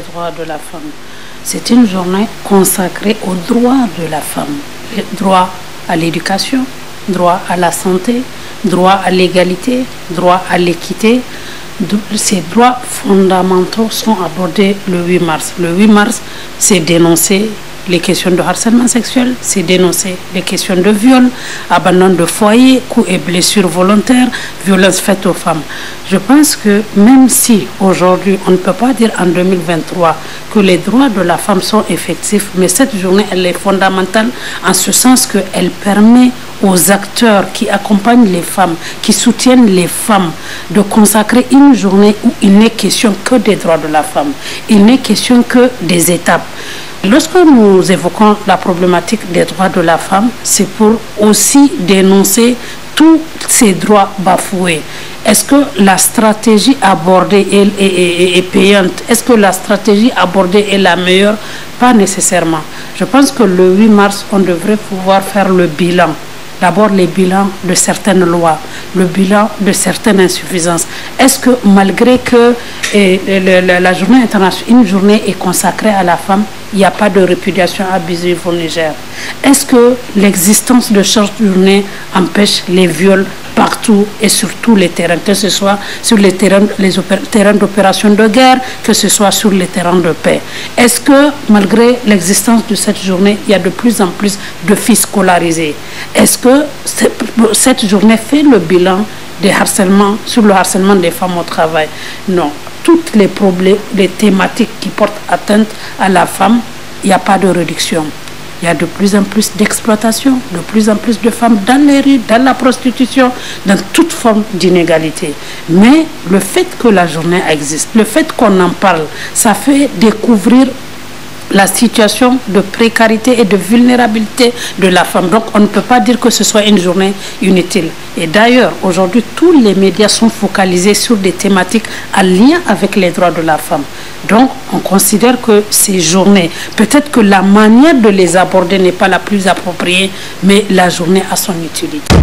droits de la femme. C'est une journée consacrée aux droits de la femme. Droit à l'éducation, droit à la santé, droit à l'égalité, droit à l'équité. Ces droits fondamentaux sont abordés le 8 mars. Le 8 mars, c'est dénoncer les questions de harcèlement sexuel, c'est dénoncer. Les questions de viol, abandon de foyer, coups et blessures volontaires, violences faites aux femmes. Je pense que même si aujourd'hui on ne peut pas dire en 2023 que les droits de la femme sont effectifs, mais cette journée elle est fondamentale en ce sens qu'elle permet aux acteurs qui accompagnent les femmes, qui soutiennent les femmes, de consacrer une journée où il n'est question que des droits de la femme. Il n'est question que des étapes. Lorsque nous évoquons la problématique des droits de la femme, c'est pour aussi dénoncer tous ces droits bafoués. Est-ce que la stratégie abordée est, payante Est-ce que la stratégie abordée est la meilleure Pas nécessairement. Je pense que le 8 mars, on devrait pouvoir faire le bilan D'abord, les bilans de certaines lois, le bilan de certaines insuffisances. Est-ce que malgré que eh, la journée internationale, une journée est consacrée à la femme, il n'y a pas de répudiation abusive au Niger Est-ce que l'existence de chaque journée empêche les viols partout et sur tous les terrains, que ce soit sur les terrains, d'opération de guerre, que ce soit sur les terrains de paix. Est-ce que, malgré l'existence de cette journée, il y a de plus en plus de filles scolarisées Est-ce que cette journée fait le bilan des harcèlements, sur le harcèlement des femmes au travail Non. Toutes les, problèmes, les thématiques qui portent atteinte à la femme, il n'y a pas de réduction. Il y a de plus en plus d'exploitation, de plus en plus de femmes dans les rues, dans la prostitution, dans toute forme d'inégalité. Mais le fait que la journée existe, le fait qu'on en parle, ça fait découvrir la situation de précarité et de vulnérabilité de la femme. Donc on ne peut pas dire que ce soit une journée inutile. Et d'ailleurs, aujourd'hui, tous les médias sont focalisés sur des thématiques en lien avec les droits de la femme. Donc on considère que ces journées, peut-être que la manière de les aborder n'est pas la plus appropriée, mais la journée a son utilité.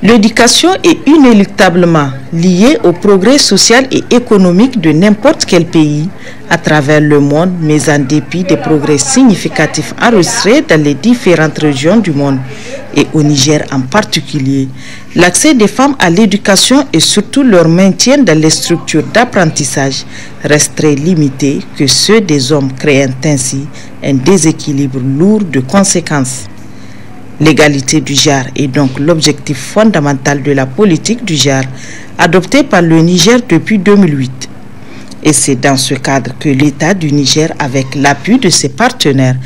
L'éducation est inéluctablement liée au progrès social et économique de n'importe quel pays à travers le monde, mais en dépit des progrès significatifs enregistrés dans les différentes régions du monde et au Niger en particulier. L'accès des femmes à l'éducation et surtout leur maintien dans les structures d'apprentissage resterait limité que ceux des hommes créant ainsi un déséquilibre lourd de conséquences l'égalité du genre est donc l'objectif fondamental de la politique du genre adoptée par le Niger depuis 2008. Et c'est dans ce cadre que l'État du Niger, avec l'appui de ses partenaires,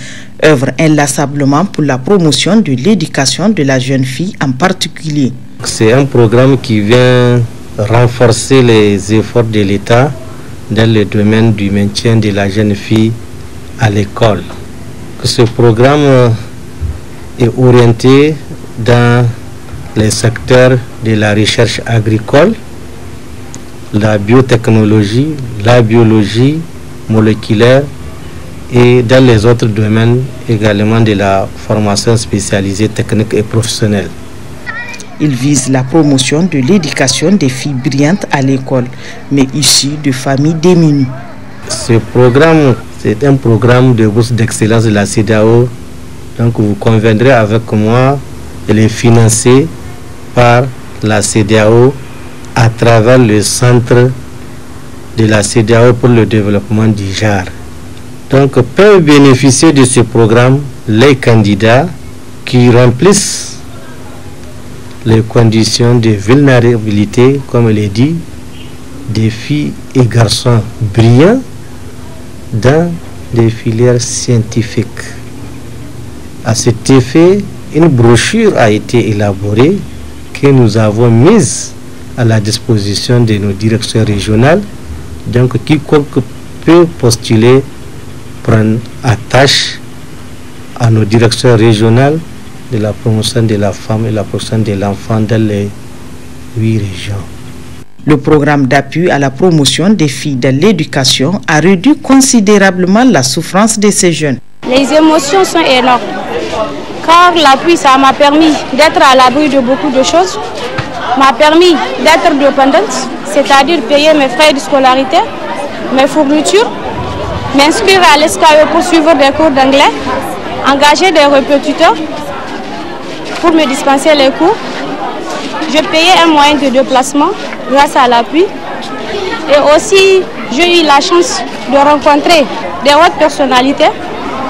œuvre inlassablement pour la promotion de l'éducation de la jeune fille en particulier. C'est un programme qui vient renforcer les efforts de l'État dans le domaine du maintien de la jeune fille à l'école. Ce programme et orienté dans les secteurs de la recherche agricole, la biotechnologie, la biologie moléculaire et dans les autres domaines également de la formation spécialisée technique et professionnelle. Il vise la promotion de l'éducation des filles brillantes à l'école, mais issues de familles démunies. Ce programme, c'est un programme de bourse d'excellence de la CEDAO donc vous conviendrez avec moi, de est financer par la CDAO à travers le centre de la CDAO pour le développement du JAR Donc peuvent bénéficier de ce programme les candidats qui remplissent les conditions de vulnérabilité, comme il est dit, des filles et garçons brillants dans des filières scientifiques. À cet effet, une brochure a été élaborée que nous avons mise à la disposition de nos directeurs régionales. Donc, quiconque peut postuler prendre attache à nos directeurs régionales de la promotion de la femme et la promotion de l'enfant dans les huit régions. Le programme d'appui à la promotion des filles dans l'éducation a réduit considérablement la souffrance de ces jeunes. Les émotions sont énormes car l'appui, ça m'a permis d'être à l'abri de beaucoup de choses, m'a permis d'être dépendante, c'est-à-dire payer mes frais de scolarité, mes fournitures, m'inscrire à l'ESCAE pour suivre des cours d'anglais, engager des répétiteurs pour me dispenser les cours. Je payais un moyen de déplacement grâce à l'appui. Et aussi, j'ai eu la chance de rencontrer des hautes personnalités,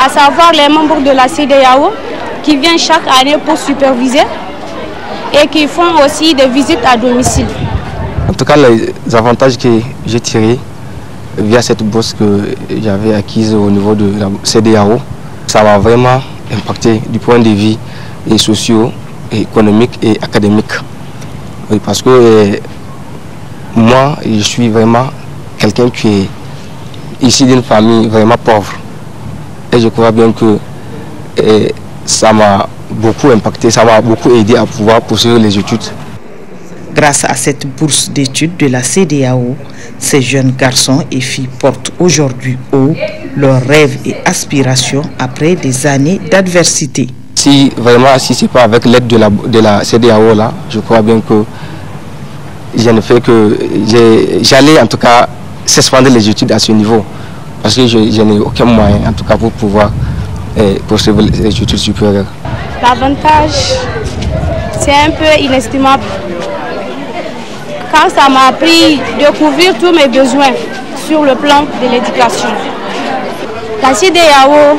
à savoir les membres de la CDAO, qui viennent chaque année pour superviser et qui font aussi des visites à domicile. En tout cas, les avantages que j'ai tirés via cette bourse que j'avais acquise au niveau de la CDAO, ça m'a vraiment impacté du point de vue et sociaux économique et académique. parce que eh, moi, je suis vraiment quelqu'un qui est ici d'une famille vraiment pauvre. Et je crois bien que eh, ça m'a beaucoup impacté, ça m'a beaucoup aidé à pouvoir poursuivre les études. Grâce à cette bourse d'études de la CDAO, ces jeunes garçons et filles portent aujourd'hui haut leurs rêves et aspirations après des années d'adversité. Si vraiment, si ce pas avec l'aide de la, CDAO, là, je crois bien que je ne fais que... J'allais en tout cas suspendre les études à ce niveau parce que je, je n'ai aucun moyen en tout cas pour pouvoir et études supérieures. L'avantage, c'est un peu inestimable. Quand ça m'a appris de couvrir tous mes besoins sur le plan de l'éducation. La CDAO,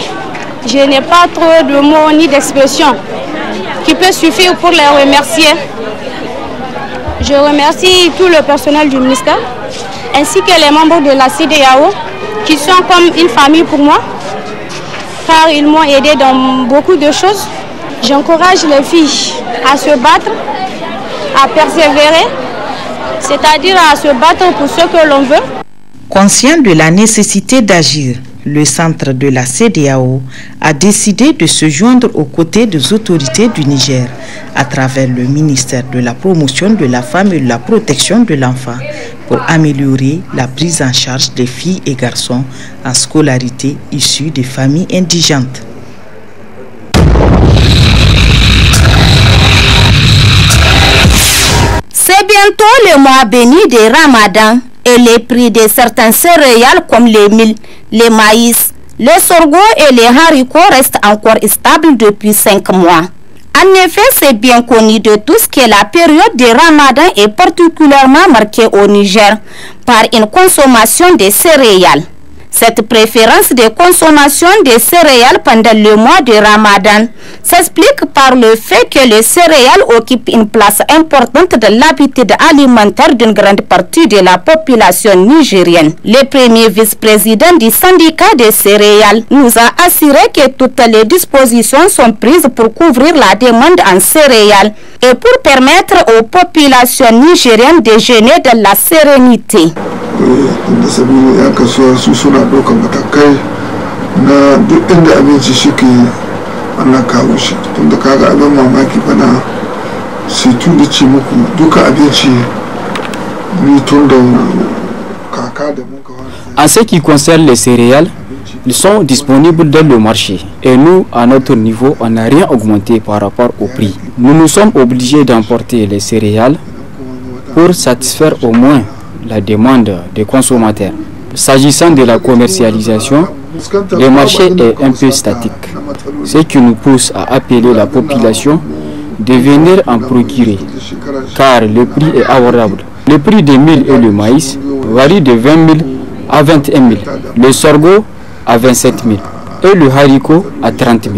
je n'ai pas trop de mots ni d'expressions qui peuvent suffire pour les remercier. Je remercie tout le personnel du ministère ainsi que les membres de la CDAO qui sont comme une famille pour moi ils m'ont aidé dans beaucoup de choses. J'encourage les filles à se battre, à persévérer, c'est-à-dire à se battre pour ce que l'on veut. Conscient de la nécessité d'agir, le centre de la CDAO a décidé de se joindre aux côtés des autorités du Niger à travers le ministère de la promotion de la femme et de la protection de l'enfant pour améliorer la prise en charge des filles et garçons en scolarité issus des familles indigentes. C'est bientôt le mois béni de Ramadan et les prix de certains céréales comme les mil, les maïs, les sorgho et les haricots restent encore stables depuis cinq mois. En effet, c'est bien connu de tous que la période de Ramadan est particulièrement marquée au Niger par une consommation de céréales. Cette préférence de consommation des céréales pendant le mois de Ramadan s'explique par le fait que les céréales occupent une place importante de l'habitude alimentaire d'une grande partie de la population nigérienne. Le premier vice-président du syndicat des céréales nous a assuré que toutes les dispositions sont prises pour couvrir la demande en céréales et pour permettre aux populations nigériennes de gêner de la sérénité. En ce qui concerne les céréales, ils sont disponibles dans le marché et nous, à notre niveau, on n'a rien augmenté par rapport au prix. Nous nous sommes obligés d'emporter les céréales pour satisfaire au moins la demande des consommateurs. S'agissant de la commercialisation, le marché est un peu statique, ce qui nous pousse à appeler la population de venir en procurer, car le prix est abordable. Le prix des mille et le maïs varie de 20 000 à 21 000, le sorgho à 27 000 et le haricot à 30 000.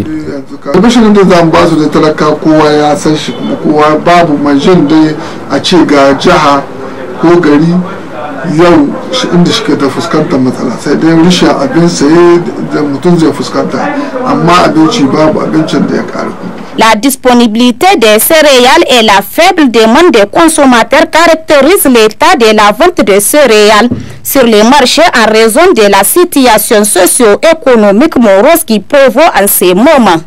La disponibilité des céréales et la faible demande des consommateurs caractérisent l'état de la vente de céréales sur les marchés en raison de la situation socio-économique morose qui prévaut en ces moments.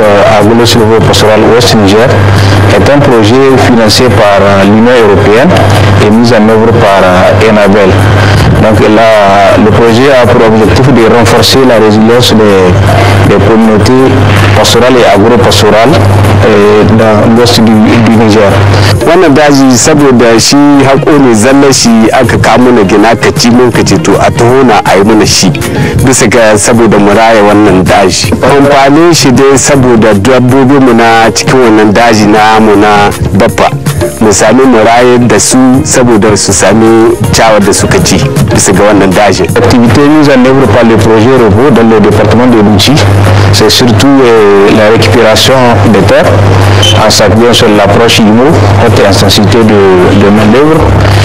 Euh, à Golos niveau pastoral Ouest Niger est un projet financé par euh, l'Union européenne et mis en œuvre par euh, Enabel. Donc le projet a pour objectif de renforcer la résilience des les communautés pastorales et agro-pastorales eh, na wasu du Niger. Wannan daji saboda shi haƙo ne zalla shi aka kamo na gina ka ci mun ka to a taho na a yi mana shi bisa ga saboda mu raya wannan daji. Amfanin shi dai saboda dabbobi mu na cikin wannan daji na mu na baffa salut sami rail salut da su saboda su sami ciyawar da suka bisa ga activité mise en œuvre par le projet robot dans le département de Bouchi c'est surtout euh, la récupération des terres en s'appuyant sur l'approche IMO, haute intensité de, main-d'œuvre,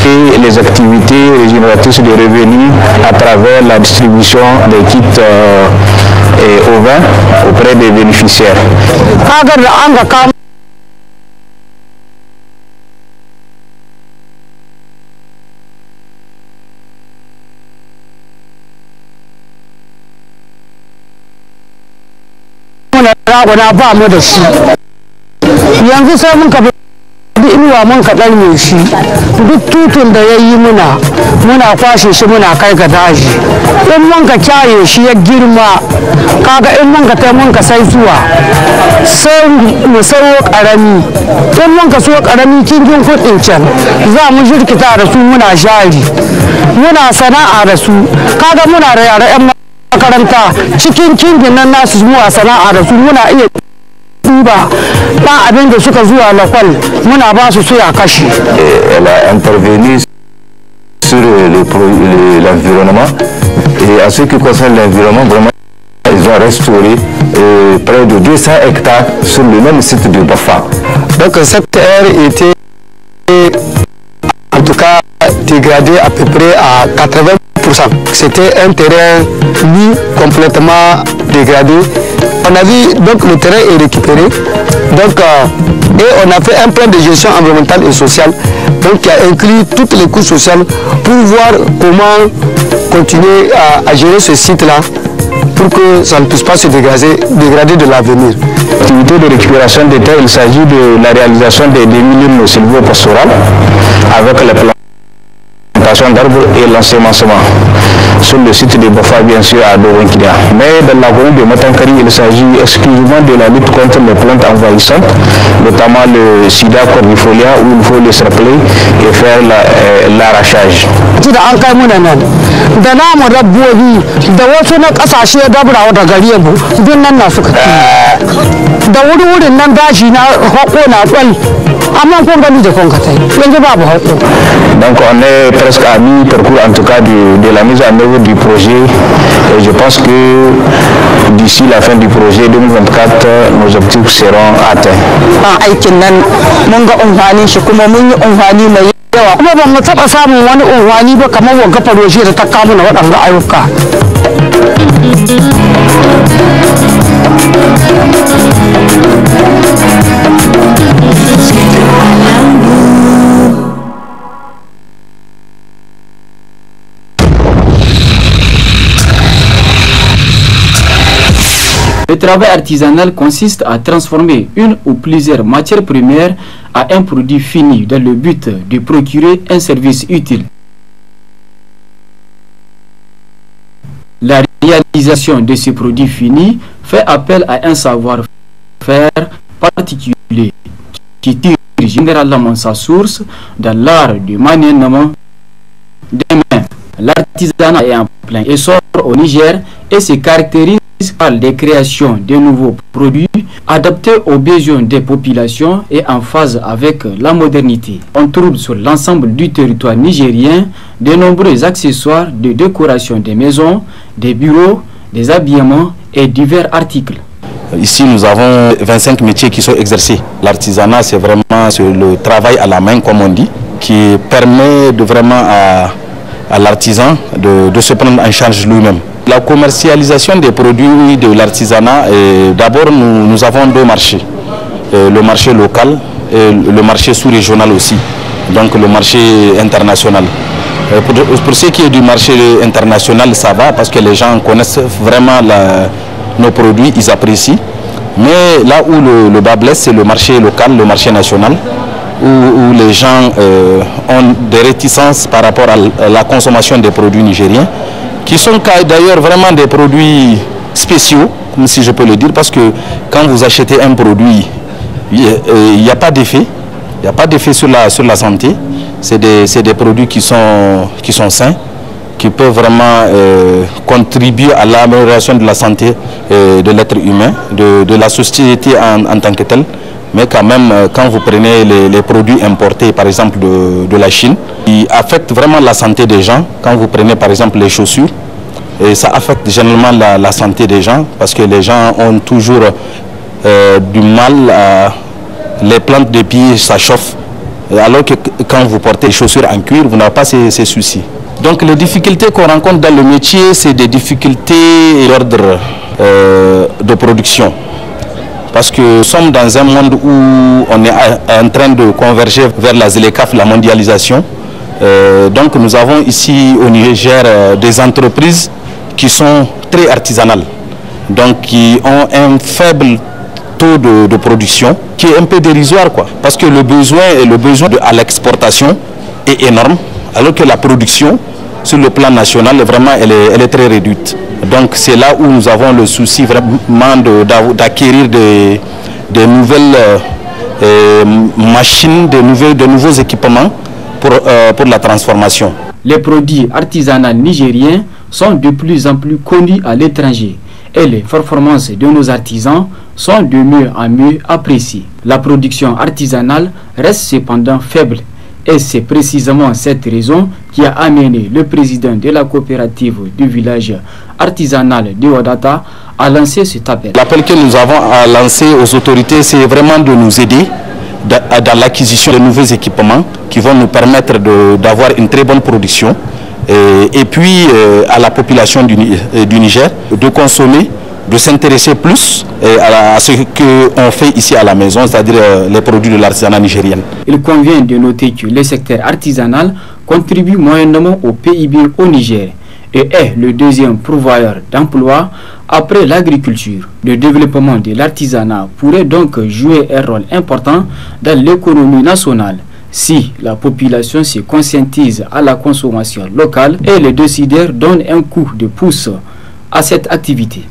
et les activités régénératrices de revenus à travers la distribution des kits. Euh, et au vin auprès des bénéficiaires. raguna ba mu da shi yanzu sai mun kafa inuwa mun kaɗar mai shi duk tutun da ya yi muna muna kwashe shi muna kai ga daji in mun ka kyaye shi ya girma kaga in mun ka mun ka sai zuwa sai mu sayo karami in mun ka so karami kingin kuɗin can za mu jirkita da su muna jari muna sana'a da su kaga muna da yare 'yan Elle a intervenu sur l'environnement et à ce qui concerne l'environnement vraiment ils ont restauré euh, près de 200 hectares sur le même site de Bafa. Donc cette aire était en tout cas dégradée à peu près à 80 c'était un terrain nu complètement dégradé. On a vu donc le terrain est récupéré. Donc, euh, et on a fait un plan de gestion environnementale et sociale donc, qui a inclus toutes les coûts sociales pour voir comment continuer à, gérer ce site-là pour que ça ne puisse pas se dégrader, de l'avenir. L'activité de récupération des terres, il s'agit de la réalisation des de lignes pastoraux avec les plans d'arbres et l'ensemencement sur le site de Bofa, bien sûr, à Dovenkidia. Mais dans la rue de Matankari, il s'agit exclusivement de la lutte contre les plantes envahissantes, notamment le sida cordifolia, où il faut les rappeler et faire euh, l'arrachage. Donc on est presque a mis parcours en tout cas de, la mise en œuvre du projet. Et je pense que d'ici la fin du projet 2024, nos objectifs seront atteints. Ah, Le travail artisanal consiste à transformer une ou plusieurs matières premières à un produit fini dans le but de procurer un service utile. La réalisation de ce produit fini fait appel à un savoir-faire particulier qui tire généralement sa source dans l'art du maniement des mains. L'artisanat est en plein essor au Niger et se caractérise parle des créations de nouveaux produits adaptés aux besoins des populations et en phase avec la modernité. On trouve sur l'ensemble du territoire nigérien de nombreux accessoires de décoration des maisons, des bureaux, des habillements et divers articles. Euh, ici, nous avons 25 métiers qui sont exercés. L'artisanat, c'est vraiment le travail à la main, comme on dit, qui permet de vraiment à à l'artisan de, se prendre en charge lui-même. La commercialisation des produits de l'artisanat, d'abord nous, avons deux marchés, euh, le marché local et le marché sous-régional aussi, donc le marché international. Euh, pour, ce qui est du marché international, ça va parce que les gens connaissent vraiment nos produits, ils apprécient. Mais là où le, le bas blesse, c'est le marché local, le marché national où, les gens euh, ont des réticences par rapport à la consommation des produits nigériens, qui sont d'ailleurs vraiment des produits spéciaux, si je peux le dire, parce que quand vous achetez un produit, il n'y euh, a, pas d'effet, il n'y a pas d'effet sur la, sur la santé. C'est des, des, produits qui sont, qui sont sains, qui peuvent vraiment euh, contribuer à l'amélioration de la santé de l'être humain, de, la société en, en tant que telle mais quand même, euh, quand vous prenez les, produits importés, par exemple de, la Chine, ils affectent vraiment la santé des gens. Quand vous prenez par exemple les chaussures, et ça affecte généralement la, santé des gens, parce que les gens ont toujours euh, du mal, à, les plantes des pieds, ça chauffe. Alors que quand vous portez les chaussures en cuir, vous n'avez pas ces, soucis. Donc les difficultés qu'on rencontre dans le métier, c'est des difficultés d'ordre euh, de production parce que nous sommes dans un monde où on est en train de converger vers la ZLECAF, la mondialisation. Euh, donc nous avons ici au Niger euh, des entreprises qui sont très artisanales, donc qui ont un faible taux de, production qui est un peu dérisoire quoi, parce que le besoin et le besoin de, à l'exportation est énorme, alors que la production sur le plan national vraiment elle est très réduite. Donc c'est là où nous avons le souci vraiment d'acquérir de, nouvelles euh, euh, machines, de nouveaux, de équipements pour, euh, pour la transformation. Les produits artisanaux nigériens sont de plus en plus connus à l'étranger et les performances de nos artisans sont de mieux en mieux appréciées. La production artisanale reste cependant faible et c'est précisément cette raison qui a amené le président de la coopérative du village artisanal de Odata à lancer cet appel. L'appel que nous avons à lancer aux autorités, c'est vraiment de nous aider dans l'acquisition de nouveaux équipements qui vont nous permettre d'avoir une très bonne production euh, et, puis euh, à la population du euh, Niger de consommer de s'intéresser plus eh, à, ce qu'on fait ici à la maison, c'est-à-dire euh, les produits de l'artisanat nigérien. Il convient de noter que le secteur artisanal contribue moyennement au PIB au Niger et est le deuxième pourvoyeur d'emplois après l'agriculture. Le développement de l'artisanat pourrait donc jouer un rôle important dans l'économie nationale si la population se conscientise à la consommation locale et les décideurs donnent un coup de pouce à cette activité.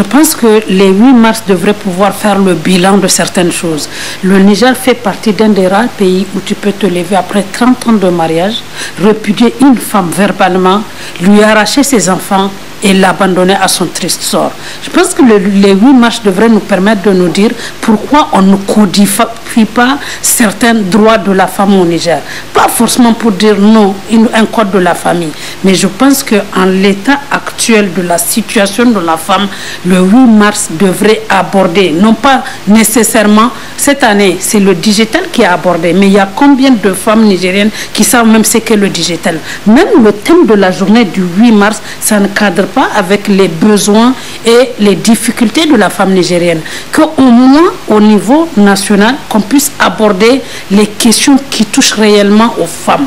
je pense que les 8 mars devraient pouvoir faire le bilan de certaines choses. Le Niger fait partie d'un des rares pays où tu peux te lever après 30 ans de mariage, répudier une femme verbalement, lui arracher ses enfants et l'abandonner à son triste sort. Je pense que le, les 8 marches devraient nous permettre de nous dire pourquoi on ne codifie pas certains droits de la femme au Niger. Pas forcément pour dire non, un code de la famille, mais je pense qu'en l'état actuel de la situation de la femme, le 8 mars devrait aborder, non pas nécessairement cette année, c'est le digital qui est abordé, mais il y a combien de femmes nigériennes qui savent même ce qu'est le digital. Même le thème de la journée du 8 mars, ça ne cadre pas avec les besoins et les difficultés de la femme nigérienne. Qu'au moins au niveau national, qu'on puisse aborder les questions qui touchent réellement aux femmes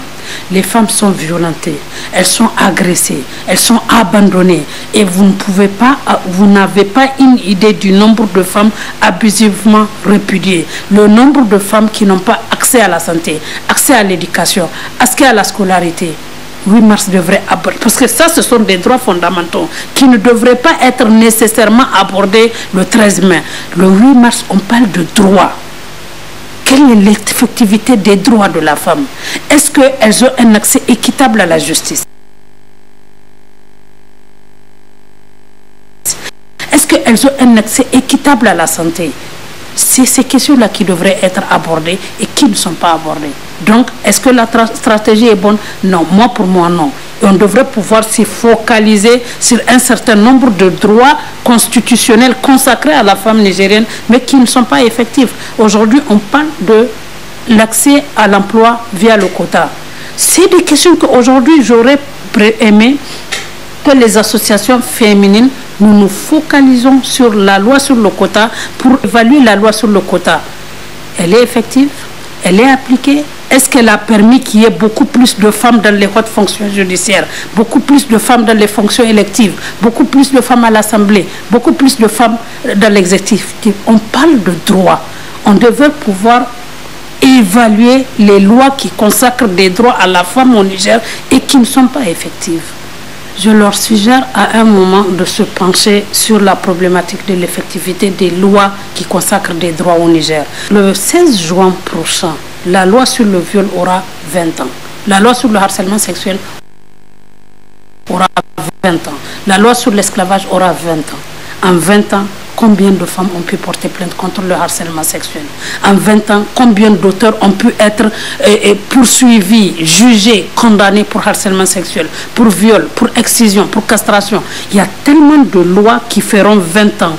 les femmes sont violentées, elles sont agressées, elles sont abandonnées et vous ne pouvez pas, euh, vous n'avez pas une idée du nombre de femmes abusivement répudiées, le nombre de femmes qui n'ont pas accès à la santé, accès à l'éducation, accès à la scolarité, 8 mars devrait aborder. Parce que ça, ce sont des droits fondamentaux qui ne devraient pas être nécessairement abordés le 13 mai. Le 8 mars, on parle de droits. Quelle est l'effectivité des droits de la femme Est-ce qu'elles ont un accès équitable à la justice Est-ce qu'elles ont un accès équitable à la santé c'est ces questions-là qui devraient être abordées et qui ne sont pas abordées. Donc, est-ce que la stratégie est bonne Non, moi pour moi, non. on devrait pouvoir se focaliser sur un certain nombre de droits constitutionnels consacrés à la femme nigérienne, mais qui ne sont pas effectifs. Aujourd'hui, on parle de l'accès à l'emploi via le quota. C'est des questions qu'aujourd'hui, j'aurais aimé que les associations féminines nous nous focalisons sur la loi sur le quota pour évaluer la loi sur le quota. Elle est effective Elle est appliquée Est-ce qu'elle a permis qu'il y ait beaucoup plus de femmes dans les hautes fonctions judiciaires, beaucoup plus de femmes dans les fonctions électives, beaucoup plus de femmes à l'Assemblée, beaucoup plus de femmes dans l'exécutif On parle de droit. On devrait pouvoir évaluer les lois qui consacrent des droits à la femme au Niger et qui ne sont pas effectives je leur suggère à un moment de se pencher sur la problématique de l'effectivité des lois qui consacrent des droits au Niger. Le 16 juin prochain, la loi sur le viol aura 20 ans. La loi sur le harcèlement sexuel aura 20 ans. La loi sur l'esclavage aura 20 ans. En 20 ans, combien de femmes ont pu porter plainte contre le harcèlement sexuel En 20 ans, combien d'auteurs ont pu être euh, euh, poursuivis, jugés, condamnés pour harcèlement sexuel, pour viol, pour excision, pour castration Il y a tellement de lois qui feront 20 ans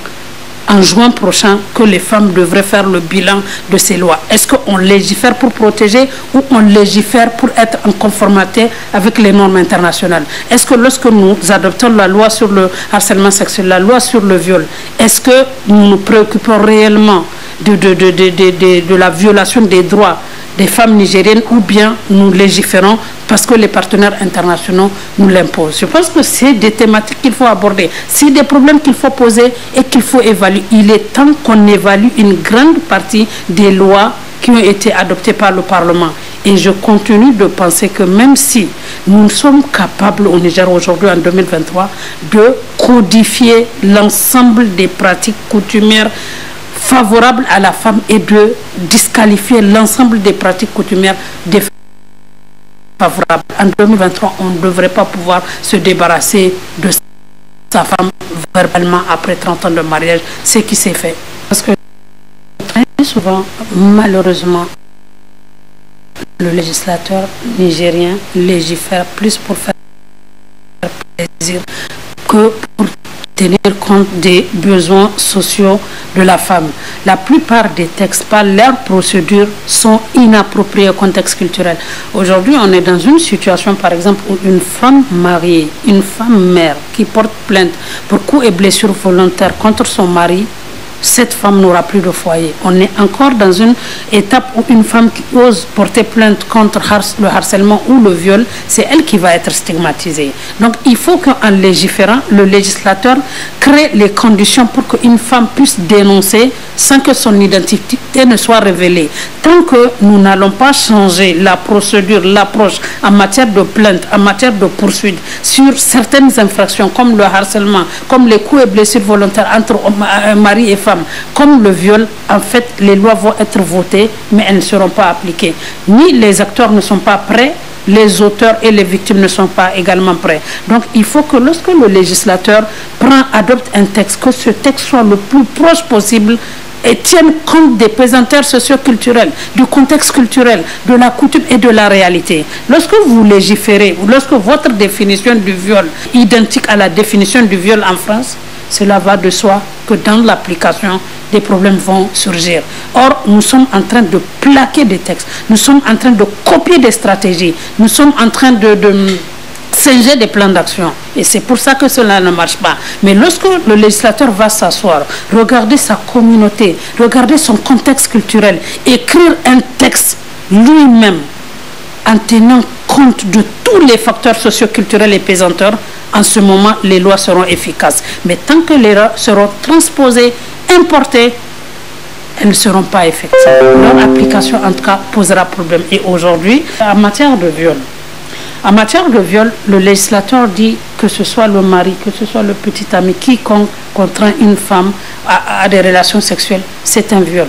en juin prochain que les femmes devraient faire le bilan de ces lois Est-ce qu'on légifère pour protéger ou on légifère pour être en conformité avec les normes internationales Est-ce que lorsque nous adoptons la loi sur le harcèlement sexuel, la loi sur le viol, est-ce que nous nous préoccupons réellement de, de, de, de, la violation des droits des femmes nigériennes ou bien nous légiférons parce que les partenaires internationaux nous l'imposent. Je pense que c'est des thématiques qu'il faut aborder, c'est des problèmes qu'il faut poser et qu'il faut évaluer. Il est temps qu'on évalue une grande partie des lois qui ont été adoptées par le Parlement. Et je continue de penser que même si nous sommes capables au Niger aujourd'hui en 2023 de codifier l'ensemble des pratiques coutumières favorable à la femme et de disqualifier l'ensemble des pratiques coutumières des En 2023, on ne devrait pas pouvoir se débarrasser de sa femme verbalement après 30 ans de mariage, ce qui s'est fait. Parce que très souvent, malheureusement, le législateur nigérien légifère plus pour faire plaisir tenir compte des besoins sociaux de la femme. La plupart des textes, par leur procédure, sont inappropriés au contexte culturel. Aujourd'hui, on est dans une situation, par exemple, où une femme mariée, une femme mère qui porte plainte pour coups et blessures volontaires contre son mari cette femme n'aura plus de foyer. On est encore dans une étape où une femme qui ose porter plainte contre le harcèlement ou le viol, c'est elle qui va être stigmatisée. Donc il faut qu'en légiférant, le législateur crée les conditions pour qu'une femme puisse dénoncer sans que son identité ne soit révélée. Tant que nous n'allons pas changer la procédure, l'approche en matière de plainte, en matière de poursuite sur certaines infractions comme le harcèlement, comme les coups et blessures volontaires entre euh, mari et femme, comme le viol, en fait, les lois vont être votées, mais elles ne seront pas appliquées. Ni les acteurs ne sont pas prêts les auteurs et les victimes ne sont pas également prêts. Donc il faut que lorsque le législateur prend, adopte un texte, que ce texte soit le plus proche possible et tienne compte des présenteurs socioculturels, du contexte culturel, de la coutume et de la réalité. Lorsque vous légiférez, lorsque votre définition du viol est identique à la définition du viol en France, cela va de soi que dans l'application, des problèmes vont surgir. Or, nous sommes en train de plaquer des textes, nous sommes en train de copier des stratégies, nous sommes en train de, singer des plans d'action. Et c'est pour ça que cela ne marche pas. Mais lorsque le législateur va s'asseoir, regarder sa communauté, regarder son contexte culturel, écrire un texte lui-même en tenant compte de tous les facteurs socioculturels et pesanteurs, en ce moment, les lois seront efficaces. Mais tant que les lois seront transposées, importées, elles ne seront pas effectives. Leur application, en tout cas, posera problème. Et aujourd'hui, en matière de viol, en matière de viol, le législateur dit que ce soit le mari, que ce soit le petit ami, quiconque contraint une femme à, des relations sexuelles, c'est un viol.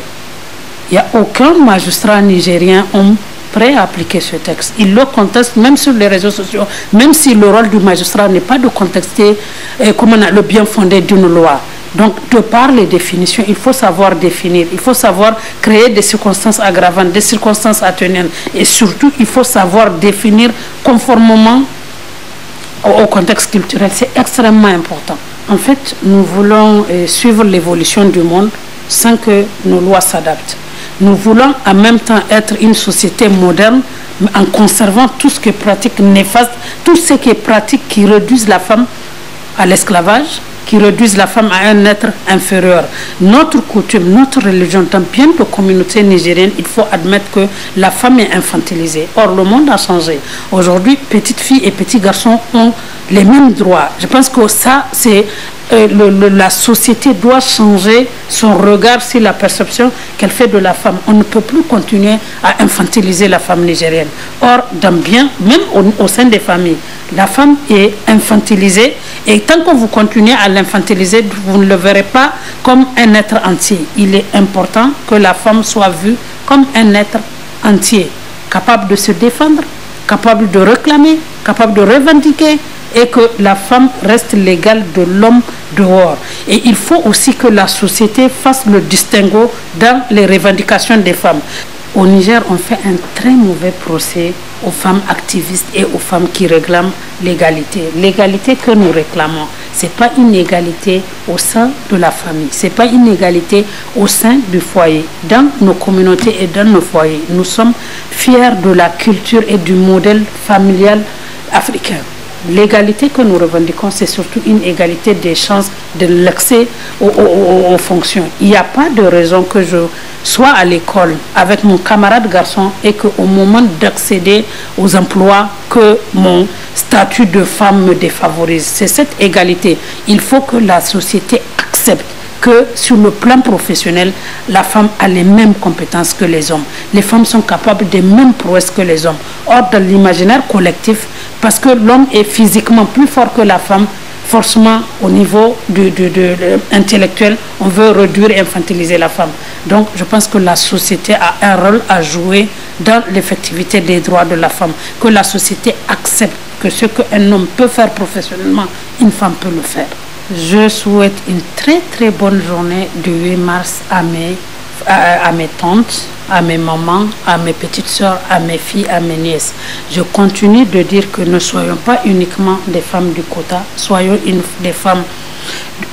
Il n'y a aucun magistrat nigérien, homme, prêt à appliquer ce texte. Il le conteste même sur les réseaux sociaux, même si le rôle du magistrat n'est pas de contester eh, comment le bien fondé d'une loi. Donc, de par les définitions, il faut savoir définir, il faut savoir créer des circonstances aggravantes, des circonstances atténuantes, et surtout, il faut savoir définir conformément au, contexte culturel. C'est extrêmement important. En fait, nous voulons eh, suivre l'évolution du monde sans que nos lois s'adaptent. Nous voulons en même temps être une société moderne en conservant tout ce qui est pratique néfaste, tout ce qui est pratique qui réduisent la femme à l'esclavage, qui réduisent la femme à un être inférieur. Notre coutume, notre religion, tant bien de communauté nigérienne, il faut admettre que la femme est infantilisée. Or, le monde a changé. Aujourd'hui, petites filles et petits garçons ont les mêmes droits. Je pense que ça, c'est la société doit changer son regard sur la perception qu'elle fait de la femme. On ne peut plus continuer à infantiliser la femme nigérienne. Or, dans bien, même au, au sein des familles, la femme est infantilisée et tant que vous continuez à l'infantiliser, vous ne le verrez pas comme un être entier. Il est important que la femme soit vue comme un être entier, capable de se défendre, capable de réclamer, capable de revendiquer et que la femme reste l'égale de l'homme dehors. Et il faut aussi que la société fasse le distinguo dans les revendications des femmes. Au Niger, on fait un très mauvais procès aux femmes activistes et aux femmes qui réclament l'égalité. L'égalité que nous réclamons, ce n'est pas une égalité au sein de la famille, ce n'est pas une égalité au sein du foyer. Dans nos communautés et dans nos foyers, nous sommes fiers de la culture et du modèle familial africain. L'égalité que nous revendiquons, c'est surtout une égalité des chances de l'accès aux, fonctions. Il n'y a pas de raison que je sois à l'école avec mon camarade garçon et qu'au moment d'accéder aux emplois, que mon statut de femme me défavorise. C'est cette égalité. Il faut que la société accepte que sur le plan professionnel, la femme a les mêmes compétences que les hommes. Les femmes sont capables des mêmes prouesses que les hommes. Hors de l'imaginaire collectif, parce que l'homme est physiquement plus fort que la femme, forcément au niveau intellectuel, on veut réduire et infantiliser la femme. Donc je pense que la société a un rôle à jouer dans l'effectivité des droits de la femme, que la société accepte que ce qu'un homme peut faire professionnellement, une femme peut le faire. Je souhaite une très très bonne journée du 8 mars à mes, à, mes tantes, à mes mamans, à mes petites soeurs, à mes filles, à mes nièces. Je continue de dire que ne soyons pas uniquement des femmes du quota, soyons des femmes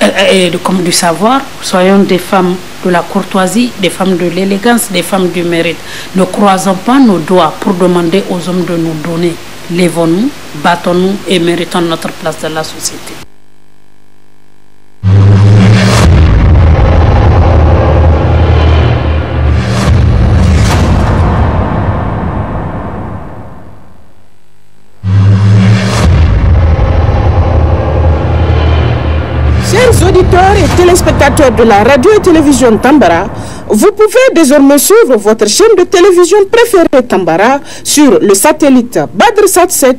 euh, euh, comme du savoir, soyons des femmes de la courtoisie, des femmes de l'élégance, des femmes du mérite. Ne croisons pas nos doigts pour demander aux hommes de nous donner. Lèvons-nous, battons-nous et méritons notre place dans la société. auditeurs et téléspectateurs de la radio et télévision Tambara, vous pouvez désormais suivre votre chaîne de télévision préférée Tambara sur le satellite sat 7,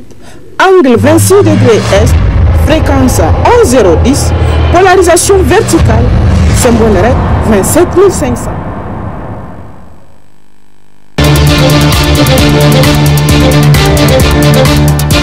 angle 26 degrés Est, fréquence 11010, polarisation verticale, symbole REC 27500.